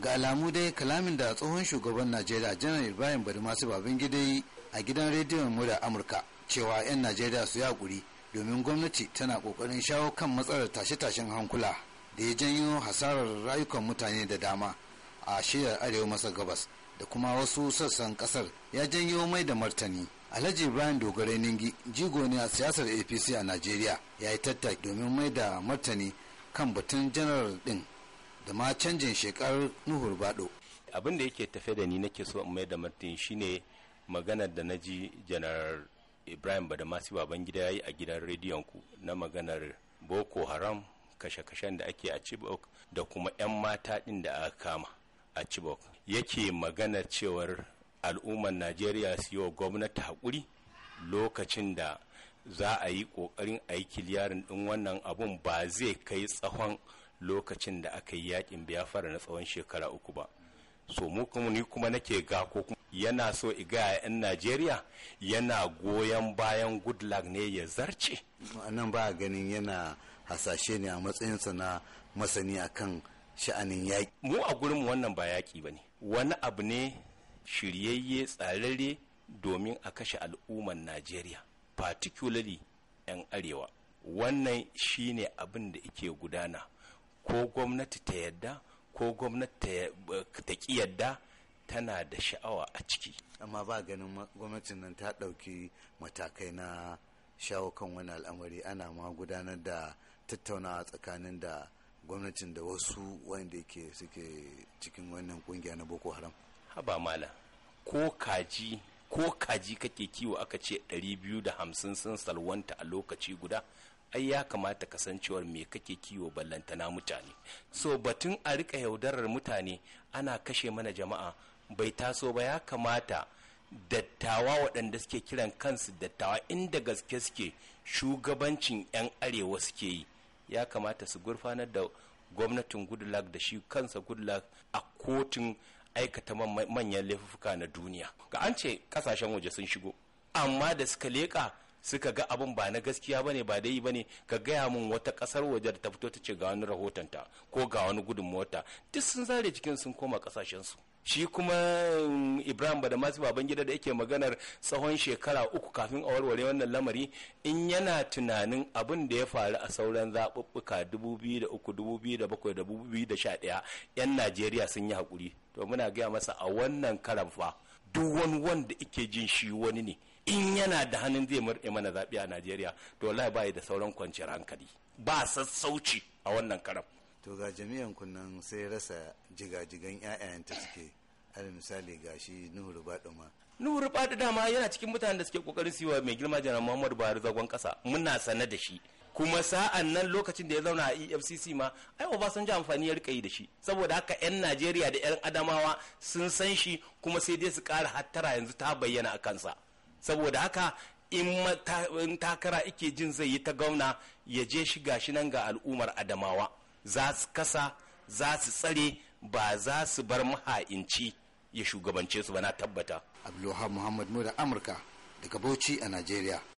ga alamu dai kalamin da tsohon shugaban najeriya janar ibrahim bari masu babin gidai a gidan rediyon murya amurka cewa 'yan najeriya su yaƙuri domin gwamnati tana kokarin shawo kan matsalar tashe-tashen hankula da ya janyo hasarar rayukan mutane da dama a shirar arewa masa gabas da kuma wasu sassan kasar ya janyo mai da martani alhaji ibrahim dogarai ningi jigo ne a siyasar apc a najeriya ya yi tattaki domin mai da martani kan batun janar din da ma canjin shekarar nuhur bado abin da yake tafe da ni nake so in mai da martin shine maganar da na ji janar ibrahim badamasi baban gida yayi a gidan rediyon ku na maganar boko haram kashe-kashen da ake a chibok da kuma 'yan mata din da aka kama a chibok yake maganar cewar al'ummar najeriya su yi wa gwamnati hakuri lokacin da za a yi ƙoƙarin aiki liyarin din wannan abun ba zai kai tsawon lokacin da aka yi yakin biyafara na tsawon shekara uku ba so mu kuma ni kuma nake ga ko yana so iga yan najeriya yana goyon bayan goodluck ne ya zarce nan ba ganin yana hasashe ne a matsayinsa na masani akan sha'anin yaƙi mu a gurin wannan ba yaƙi ba ne wani abu ne shiryayye tsararre domin a kashe al'umman najeriya particularly 'yan arewa wannan shine abin da ike gudana ko gwamnati ta yadda ko gwamnati eh, ta ki yadda tana da sha'awa a ciki amma ba ganin gwamnatin nan ta ɗauki matakai na shawo kan wani al'amari ana ma gudanar da tattaunawa tsakanin da gwamnatin da wasu wanda ke suke cikin wannan kungiya na boko haram haba mala ko kaji ko kaji kake kiwo aka ce 250 sun salwanta a lokaci guda ai ya kamata kasancewar me kake kiwo ballantana mutane so batun a rika yaudarar mutane ana kashe mana jama'a bai taso ba ya kamata dattawa waɗanda suke kiran kansu dattawa inda gaske suke shugabancin 'yan arewa suke yi ya kamata su gurfanar da gwamnatin goodluck da shi kansa goodluck a kotun aikata manyan laifuka na duniya ga an ce kasashen waje sun shigo amma da suka leƙa suka ga abin ba na gaskiya bane ba dai bane ka gaya mun wata kasar waje da ta fito ta ce ga wani rahotonta ko ga wani mota duk sun zare jikin sun koma su. shi kuma mm, ibrahim masu baban gida da yake maganar tsawon shekara uku kafin a warware wannan lamari in yana tunanin abin da ya faru a sauran zaɓuɓɓuka 2003 2011 'yan najeriya sun yi haƙuri to muna gaya masa a wannan karan fa duk wani wanda ike jin shi wani ne in yana da hannun zai murɗe mana zaɓe a najeriya to wallahi ba da sauran kwanciyar hankali ba sassauci a wannan karam to ga jami'an kunnan sai rasa jigajigan ta suke alal misali ga shi nuhu baɗuma nuhu baɗu dama yana cikin mutanen da suke kokarin siwa mai girma janar muhammadu buhari zagon ƙasa muna sane da shi kuma sa'an nan lokacin da ya zauna a efcc ma ai obasanjo amfani ya rika yi da shi saboda haka 'yan najeriya da 'yan adamawa sun san shi kuma sai dai su ƙara hattara yanzu ta bayyana a kansa saboda haka in takara ike jin zai yi ta gauna ya je shi gashi nan ga al'ummar adamawa za su kasa za su tsare ba za su bar maha'inci ya shugabance su ba na tabbata abdulwahab muhammad nura amurka daga bauchi a najeriya